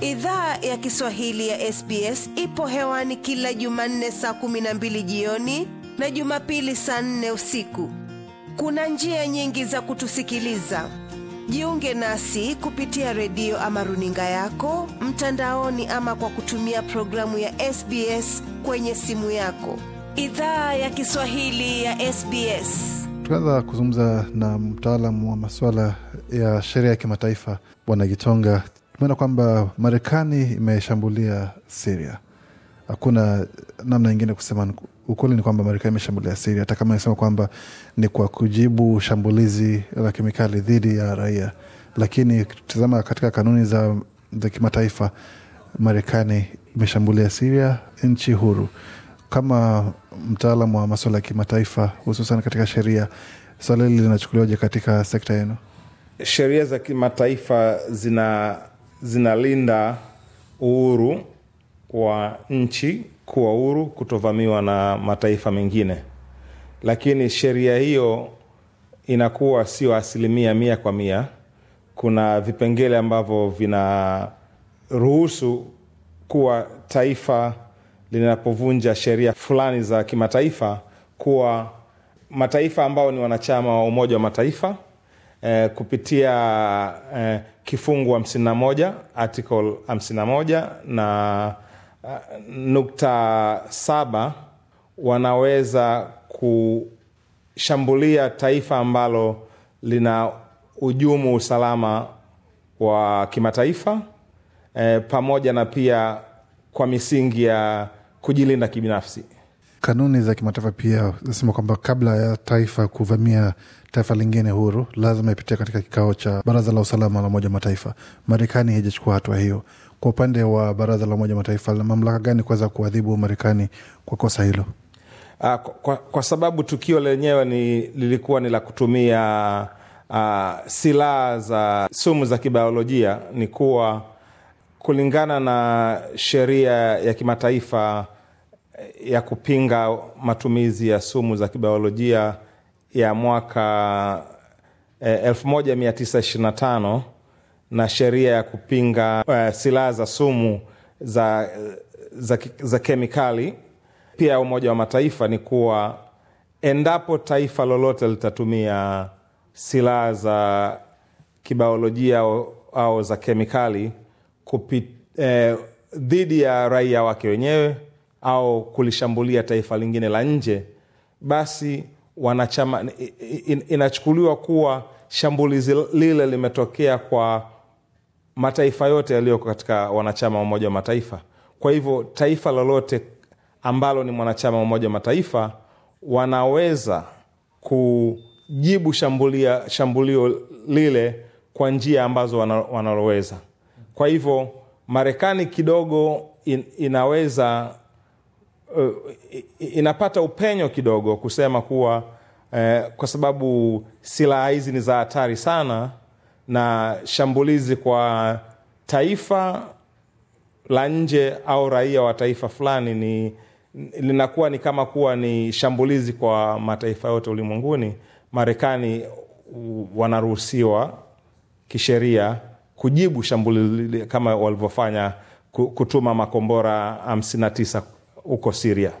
Idhaa ya Kiswahili ya SBS ipo hewani kila Jumanne saa kumi na mbili jioni na Jumapili saa nne usiku. Kuna njia nyingi za kutusikiliza. Jiunge nasi kupitia redio ama runinga yako mtandaoni, ama kwa kutumia programu ya SBS kwenye simu yako. Idhaa ya Kiswahili ya SBS. Tukaanza kuzungumza na mtaalamu wa masuala ya sheria ya kimataifa Bwana Gitonga tumeona kwamba Marekani imeshambulia Siria. Hakuna namna ingine kusema, ukweli ni kwamba Marekani imeshambulia Siria, hata kama inasema kwamba ni kwa kujibu shambulizi la kemikali dhidi ya raia, lakini tazama katika kanuni za, za kimataifa Marekani imeshambulia Siria, nchi huru. Kama mtaalam wa maswala ya kimataifa, hususan katika sheria, swala hili linachukuliwaje katika sekta yenu? Sheria za kimataifa zina zinalinda uhuru wa nchi kuwa uhuru kutovamiwa na mataifa mengine, lakini sheria hiyo inakuwa sio asilimia mia kwa mia. Kuna vipengele ambavyo vinaruhusu kuwa taifa linapovunja sheria fulani za kimataifa kuwa mataifa ambao ni wanachama wa Umoja wa Mataifa eh, kupitia eh, kifungu 51 article 51 na uh, nukta saba wanaweza kushambulia taifa ambalo lina ujumu usalama wa kimataifa e, pamoja na pia kwa misingi ya kujilinda kibinafsi. Kanuni za kimataifa pia zinasema kwamba kabla ya taifa kuvamia taifa lingine huru lazima ipitia katika kikao cha baraza la usalama la Umoja Mataifa. Marekani haijachukua hatua hiyo. Kwa upande wa baraza la Umoja Mataifa, na mamlaka gani kuweza kuadhibu Marekani kwa kosa hilo? Ah, kwa, kwa, kwa sababu tukio lenyewe ni lilikuwa ni la kutumia uh, silaha za sumu za kibiolojia, ni kuwa kulingana na sheria ya kimataifa eh, ya kupinga matumizi ya sumu za kibiolojia ya mwaka eh, 1925 na sheria ya kupinga eh, silaha za sumu za, za, za kemikali pia ya Umoja wa Mataifa ni kuwa endapo taifa lolote litatumia silaha za kibaolojia au, au za kemikali dhidi eh, dhidi ya raia wake wenyewe au kulishambulia taifa lingine la nje, basi wanachama in, inachukuliwa kuwa shambulizi lile limetokea kwa mataifa yote yaliyoko katika wanachama wa Umoja wa Mataifa. Kwa hivyo taifa lolote ambalo ni mwanachama wa Umoja wa Mataifa wanaweza kujibu shambulia, shambulio lile kwa njia ambazo wanaloweza. Kwa hivyo Marekani kidogo in, inaweza uh, inapata upenyo kidogo kusema kuwa uh, kwa sababu silaha hizi ni za hatari sana na shambulizi kwa taifa la nje au raia wa taifa fulani ni linakuwa ni kama kuwa ni shambulizi kwa mataifa yote ulimwenguni. Marekani wanaruhusiwa kisheria kujibu shambulizi kama walivyofanya kutuma makombora 59 huko Siria.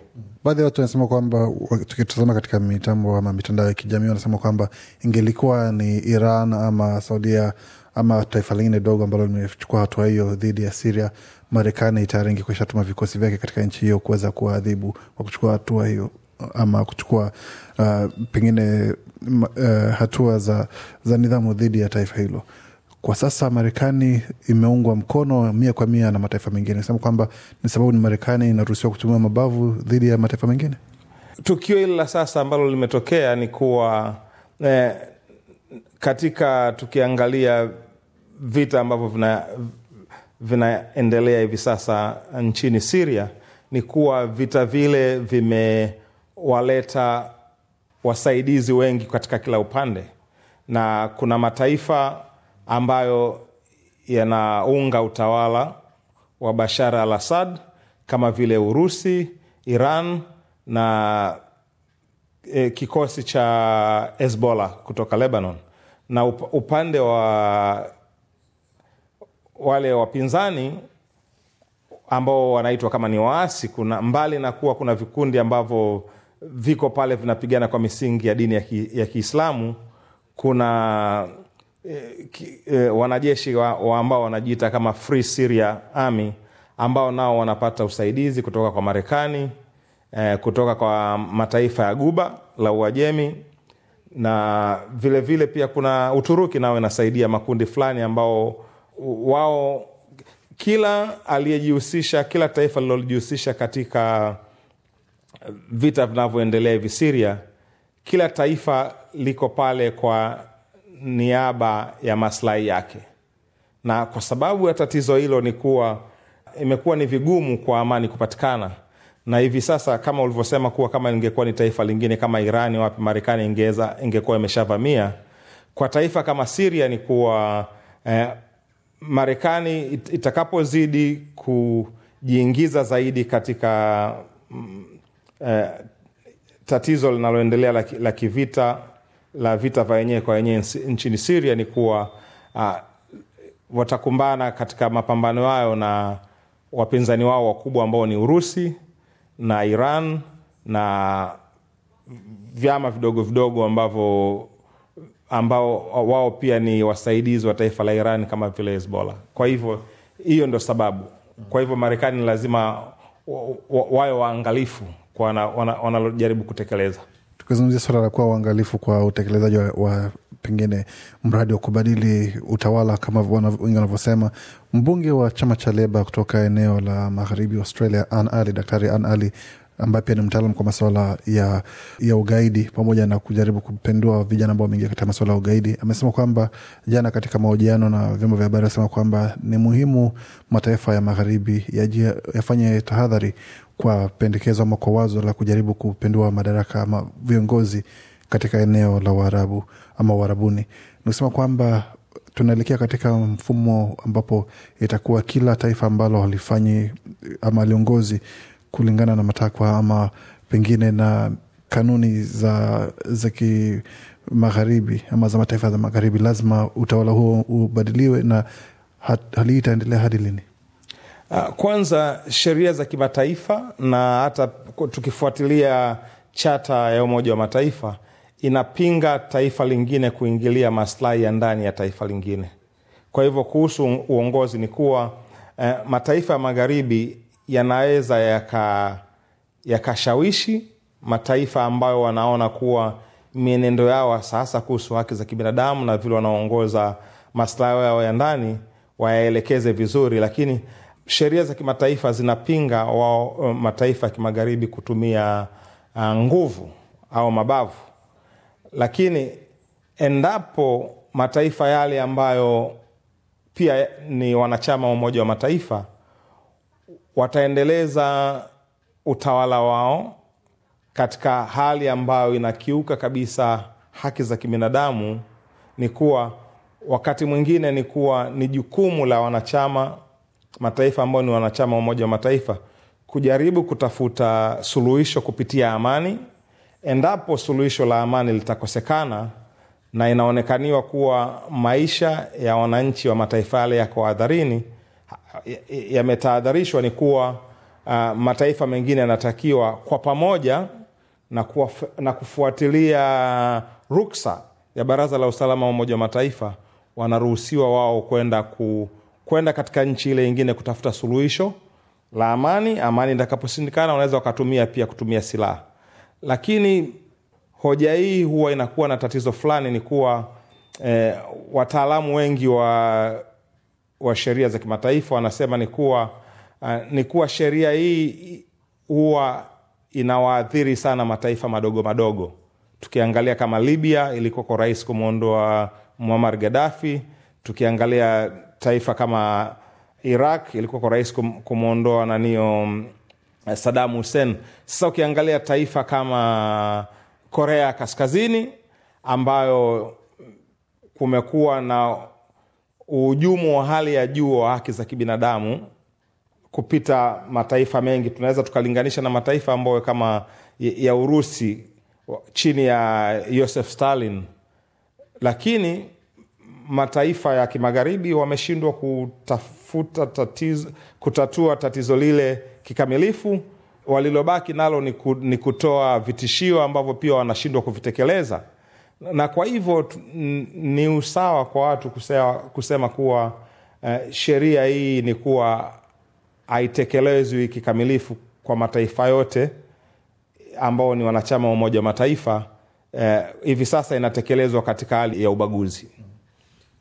Baadhi ya watu wanasema kwamba, tukitazama katika mitambo ama mitandao ya kijamii, wanasema kwamba ingelikuwa ni Iran ama Saudia ama taifa lingine dogo ambalo limechukua hatua hiyo dhidi ya Siria, Marekani tayari ingekuwa tuma vikosi vyake katika nchi hiyo kuweza kuwaadhibu kwa kuchukua hatua hiyo ama kuchukua uh, pengine uh, hatua za, za nidhamu dhidi ya taifa hilo kwa sasa Marekani imeungwa mkono mia kwa mia na mataifa mengine, sema kwamba ni sababu ni Marekani inaruhusiwa kutumia mabavu dhidi ya mataifa mengine. Tukio hili la sasa ambalo limetokea ni kuwa eh, katika tukiangalia vita ambavyo vina vinaendelea hivi sasa nchini Siria ni kuwa vita vile vimewaleta wasaidizi wengi katika kila upande, na kuna mataifa ambayo yanaunga utawala wa Bashar al Assad kama vile Urusi, Iran na e, kikosi cha Hezbollah kutoka Lebanon, na upande wa wale wapinzani ambao wanaitwa kama ni waasi, kuna mbali na kuwa kuna vikundi ambavyo viko pale vinapigana kwa misingi ya dini ya Kiislamu, kuna eh, eh, wanajeshi wa, wa ambao wanajiita kama Free Syria Army ambao nao wanapata usaidizi kutoka kwa Marekani eh, kutoka kwa mataifa ya Guba la Uajemi na vilevile vile pia kuna Uturuki nao inasaidia makundi fulani ambao wao kila aliyejihusisha kila taifa lilojihusisha katika vita vinavyoendelea hivi Siria, kila taifa liko pale kwa niaba ya maslahi yake, na kwa sababu ya tatizo hilo ni kuwa imekuwa ni vigumu kwa amani kupatikana na hivi sasa kama ulivyosema kuwa kama ingekuwa ni taifa lingine kama Irani wapi Marekani ingekuwa imeshavamia. Kwa taifa kama Siria ni kuwa eh, Marekani itakapozidi kujiingiza zaidi katika mm, eh, tatizo linaloendelea la kivita la vita vya wenyewe kwa wenyewe nchini Siria ni kuwa uh, watakumbana katika mapambano hayo na wapinzani wao wakubwa ambao ni Urusi na Iran na vyama vidogo vidogo ambavyo ambao wao pia ni wasaidizi wa taifa la Iran kama vile Hezbollah. Kwa hivyo hiyo ndo sababu. Kwa hivyo Marekani lazima wawe waangalifu kwa wanalojaribu kutekeleza tukizungumzia suala la kuwa uangalifu kwa utekelezaji wa, wa pengine mradi wa kubadili utawala kama wengi wanavyosema. Mbunge wa chama cha Leba kutoka eneo la magharibi Australia, Ann Ali, Daktari Ann Ali ambaye pia ni mtaalam kwa masuala ya, ya ugaidi pamoja na kujaribu kupendua vijana ambao wameingia katika masuala ya ugaidi, amesema kwamba jana katika mahojiano na vyombo vya habari amesema kwamba ni muhimu mataifa ya magharibi yafanye ya tahadhari kwa pendekezo ama kwa wazo la kujaribu kupendua madaraka ama viongozi katika eneo la Uarabu ama uharabuni Nikusema kwamba tunaelekea katika mfumo ambapo itakuwa kila taifa ambalo halifanyi ama liongozi kulingana na matakwa ama pengine na kanuni za, za kimagharibi ama za mataifa za magharibi, lazima utawala huo ubadiliwe, na hali hii itaendelea hadi lini? Ah, kwanza sheria za kimataifa na hata tukifuatilia chata ya Umoja wa Mataifa inapinga taifa lingine kuingilia maslahi ya ndani ya taifa lingine. Kwa hivyo kuhusu uongozi ni kuwa eh, mataifa ya magharibi yanaweza yaka yakashawishi mataifa ambayo wanaona kuwa mienendo yao sasa kuhusu haki za kibinadamu na vile wanaoongoza maslahi yao ya ndani wayaelekeze vizuri, lakini sheria za kimataifa zinapinga wao eh, mataifa ya kimagharibi kutumia uh, nguvu au mabavu. Lakini endapo mataifa yale ambayo pia ni wanachama wa Umoja wa Mataifa wataendeleza utawala wao katika hali ambayo inakiuka kabisa haki za kibinadamu, ni kuwa wakati mwingine ni kuwa ni jukumu la wanachama mataifa ambao ni wanachama wa Umoja wa Mataifa kujaribu kutafuta suluhisho kupitia amani. Endapo suluhisho la amani litakosekana na inaonekaniwa kuwa maisha ya wananchi wa mataifa yale yako hadharini yametahadharishwa ni kuwa uh, mataifa mengine yanatakiwa kwa pamoja na, kuwa, na kufuatilia ruksa ya Baraza la Usalama wa Umoja wa Mataifa, wanaruhusiwa wao kwenda ku, kwenda katika nchi ile ingine kutafuta suluhisho la amani. Amani itakaposhindikana, wanaweza wakatumia pia kutumia silaha. Lakini hoja hii huwa inakuwa na tatizo fulani, ni kuwa eh, wataalamu wengi wa wa sheria za kimataifa wanasema ni kuwa uh, ni kuwa sheria hii huwa inawaathiri sana mataifa madogo madogo. Tukiangalia kama Libya ilikuwako rais kumwondoa muamar gadafi tukiangalia taifa kama Iraq ilikuwako rais kumwondoa nanio um, sadam Hussein. Sasa ukiangalia taifa kama Korea Kaskazini ambayo kumekuwa na uhujumu wa hali ya juu wa haki za kibinadamu kupita mataifa mengi. Tunaweza tukalinganisha na mataifa ambayo kama ya Urusi chini ya yosef Stalin, lakini mataifa ya kimagharibi wameshindwa kutafuta tatizo, kutatua tatizo lile kikamilifu. Walilobaki nalo ni kutoa vitishio ambavyo pia wanashindwa kuvitekeleza na kwa hivyo ni usawa kwa watu kusema, kusema kuwa uh, sheria hii ni kuwa haitekelezwi kikamilifu kwa mataifa yote ambao ni wanachama wa Umoja wa Mataifa. Uh, hivi sasa inatekelezwa katika hali ya ubaguzi.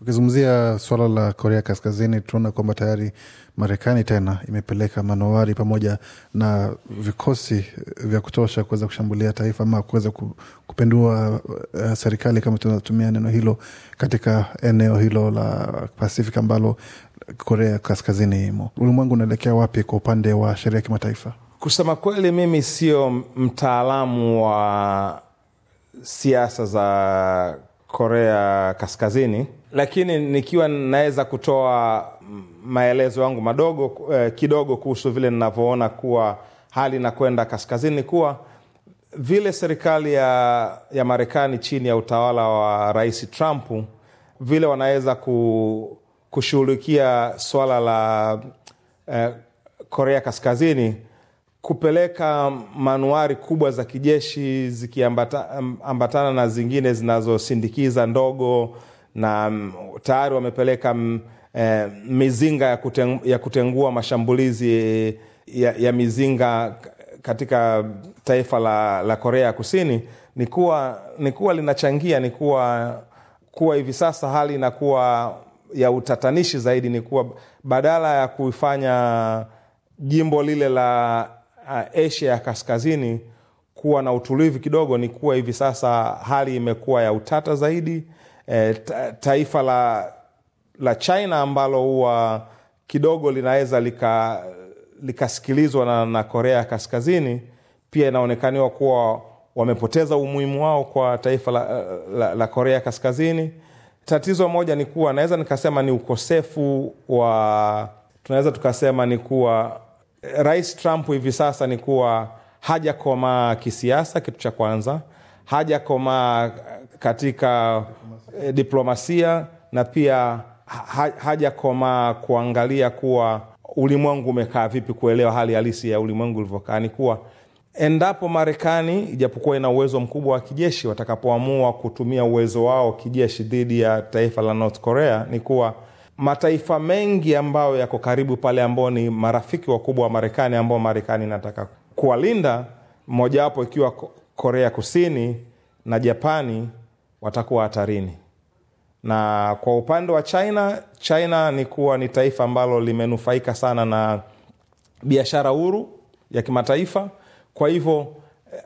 Ukizungumzia suala la Korea Kaskazini, tunaona kwamba tayari Marekani tena imepeleka manowari pamoja na vikosi vya kutosha kuweza kushambulia taifa ama kuweza kupindua uh, eh, serikali kama tunatumia neno hilo katika eneo hilo la pacific ambalo Korea Kaskazini imo. Ulimwengu unaelekea wapi kwa upande wa sheria ya kimataifa? Kusema kweli, mimi sio mtaalamu wa siasa za Korea Kaskazini lakini nikiwa naweza kutoa maelezo yangu madogo eh, kidogo kuhusu vile ninavyoona kuwa hali inakwenda kaskazini, kuwa vile serikali ya, ya Marekani chini ya utawala wa Rais Trump vile wanaweza ku, kushughulikia swala la eh, Korea Kaskazini kupeleka manuari kubwa za kijeshi zikiambatana na zingine zinazosindikiza ndogo na mm, tayari wamepeleka e, mizinga ya, kuteng, ya kutengua mashambulizi eh, ya, ya mizinga katika taifa la, la Korea ya Kusini ni kuwa linachangia ni kuwa kuwa hivi sasa hali inakuwa ya utatanishi zaidi, ni kuwa badala ya kuifanya jimbo lile la eh, Asia ya kaskazini kuwa na utulivu kidogo, ni kuwa hivi sasa hali imekuwa ya utata zaidi e, taifa la, la China ambalo huwa kidogo linaweza likasikilizwa lika na, na Korea Kaskazini, pia inaonekaniwa kuwa wamepoteza umuhimu wao kwa taifa la, la, la Korea Kaskazini. Tatizo moja ni kuwa naweza nikasema ni ukosefu wa, tunaweza tukasema ni kuwa Rais Trump hivi sasa ni kuwa hajakomaa kisiasa, kitu cha kwanza. Hajakomaa katika eh, diplomasia na pia ha, hajakomaa kuangalia kuwa ulimwengu umekaa vipi, kuelewa hali halisi ya ulimwengu ulivyokaa. Ni kuwa endapo Marekani ijapokuwa ina uwezo mkubwa wa kijeshi, watakapoamua kutumia uwezo wao kijeshi dhidi ya taifa la North Korea, ni kuwa mataifa mengi ambayo yako karibu pale, ambao ni marafiki wakubwa wa Marekani, ambao Marekani inataka kuwalinda, mmojawapo ikiwa Korea Kusini na Japani watakuwa hatarini na kwa upande wa china china ni kuwa ni taifa ambalo limenufaika sana na biashara huru ya kimataifa kwa hivyo eh,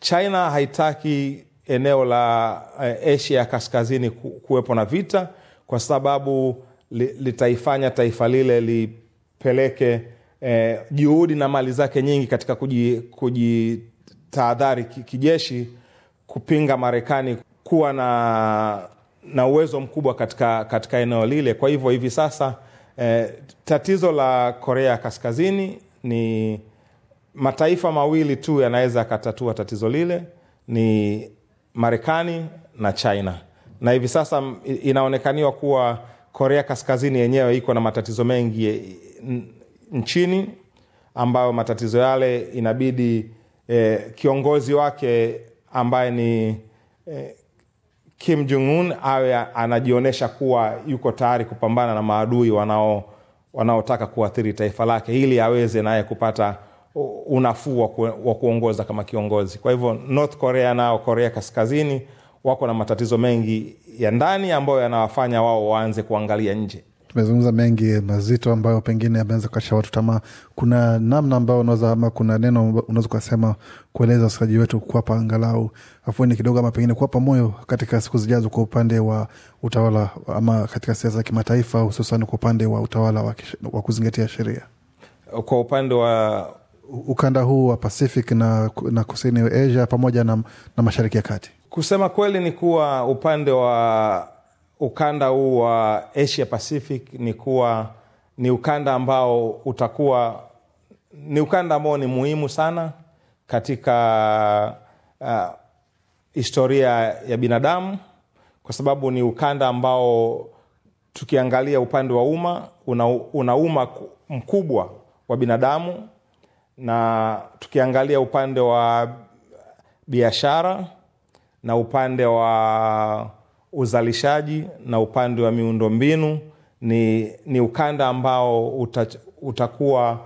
china haitaki eneo la eh, asia ya kaskazini kuwepo na vita kwa sababu litaifanya taifa lile lipeleke eh, juhudi na mali zake nyingi katika kujitahadhari kijeshi kupinga marekani kuwa na na uwezo mkubwa katika, katika eneo lile. Kwa hivyo hivi sasa eh, tatizo la Korea Kaskazini ni mataifa mawili tu yanaweza yakatatua tatizo lile, ni Marekani na China, na hivi sasa inaonekaniwa kuwa Korea Kaskazini yenyewe iko na matatizo mengi eh, nchini ambayo matatizo yale inabidi eh, kiongozi wake ambaye ni eh, Kim Jong Un awe anajionyesha kuwa yuko tayari kupambana na maadui wanao wanaotaka kuathiri taifa lake ili aweze naye kupata unafuu wa, wa kuongoza kama kiongozi. Kwa hivyo North Korea nao Korea Kaskazini wako na matatizo mengi ya ndani ambayo yanawafanya wao waanze kuangalia nje tumezungumza mengi mazito ambayo pengine ameweza kukasha watu tamaa. Kuna namna ambayo unaweza ama kuna neno unaweza ukasema kueleza wasikaji wetu, kuwapa angalau afueni kidogo, ama pengine kuwapa moyo katika siku zijazo, kwa upande wa utawala ama katika siasa za kimataifa, hususan kwa upande wa utawala wa kuzingatia sheria kwa upande wa ukanda huu wa Pacific na, na kusini Asia pamoja na, na mashariki ya kati. Kusema kweli ni kuwa upande wa ukanda huu wa Asia Pacific ni kuwa ni ukanda ambao utakuwa ni ukanda ambao ni muhimu sana katika uh, historia ya binadamu, kwa sababu ni ukanda ambao tukiangalia upande wa umma una, una umma mkubwa wa binadamu, na tukiangalia upande wa biashara na upande wa uzalishaji na upande wa miundombinu ni, ni ukanda ambao uta, utakuwa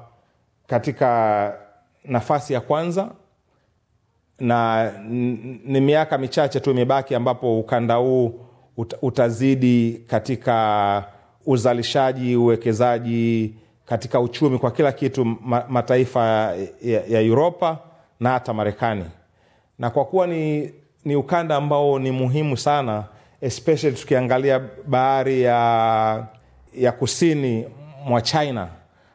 katika nafasi ya kwanza na ni miaka michache tu imebaki ambapo ukanda huu utazidi katika uzalishaji, uwekezaji katika uchumi kwa kila kitu mataifa ya, ya Uropa na hata Marekani. Na kwa kuwa ni, ni ukanda ambao ni muhimu sana especially tukiangalia bahari ya, ya kusini mwa China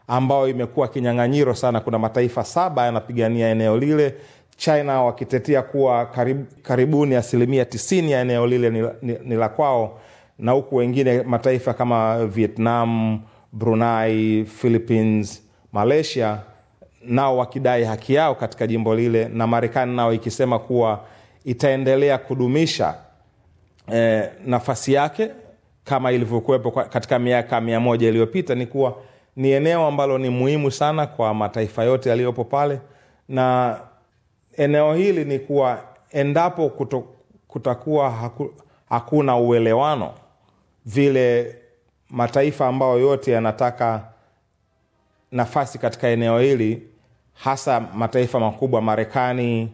ambayo imekuwa kinyang'anyiro sana. Kuna mataifa saba yanapigania eneo lile, China wakitetea kuwa karib, karibuni asilimia tisini ya eneo lile ni, ni, ni la kwao, na huku wengine mataifa kama Vietnam, Brunei, Philippines, Malaysia nao wakidai haki yao katika jimbo lile, na Marekani nao ikisema kuwa itaendelea kudumisha Eh, nafasi yake kama ilivyokuwepo katika miaka mia moja iliyopita ni kuwa ni eneo ambalo ni muhimu sana kwa mataifa yote yaliyopo pale, na eneo hili ni kuwa endapo kuto, kutakuwa haku, hakuna uelewano, vile mataifa ambayo yote yanataka nafasi katika eneo hili, hasa mataifa makubwa Marekani,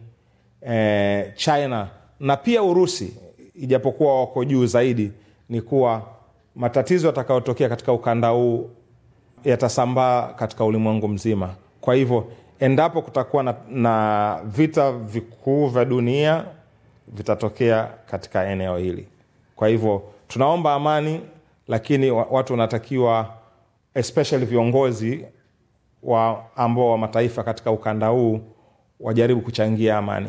e, China na pia Urusi ijapokuwa wako juu zaidi ni kuwa matatizo yatakayotokea katika ukanda huu yatasambaa katika ulimwengu mzima kwa hivyo endapo kutakuwa na, na vita vikuu vya dunia vitatokea katika eneo hili kwa hivyo tunaomba amani lakini watu wanatakiwa especially viongozi wa ambao wa mataifa katika ukanda huu wajaribu kuchangia amani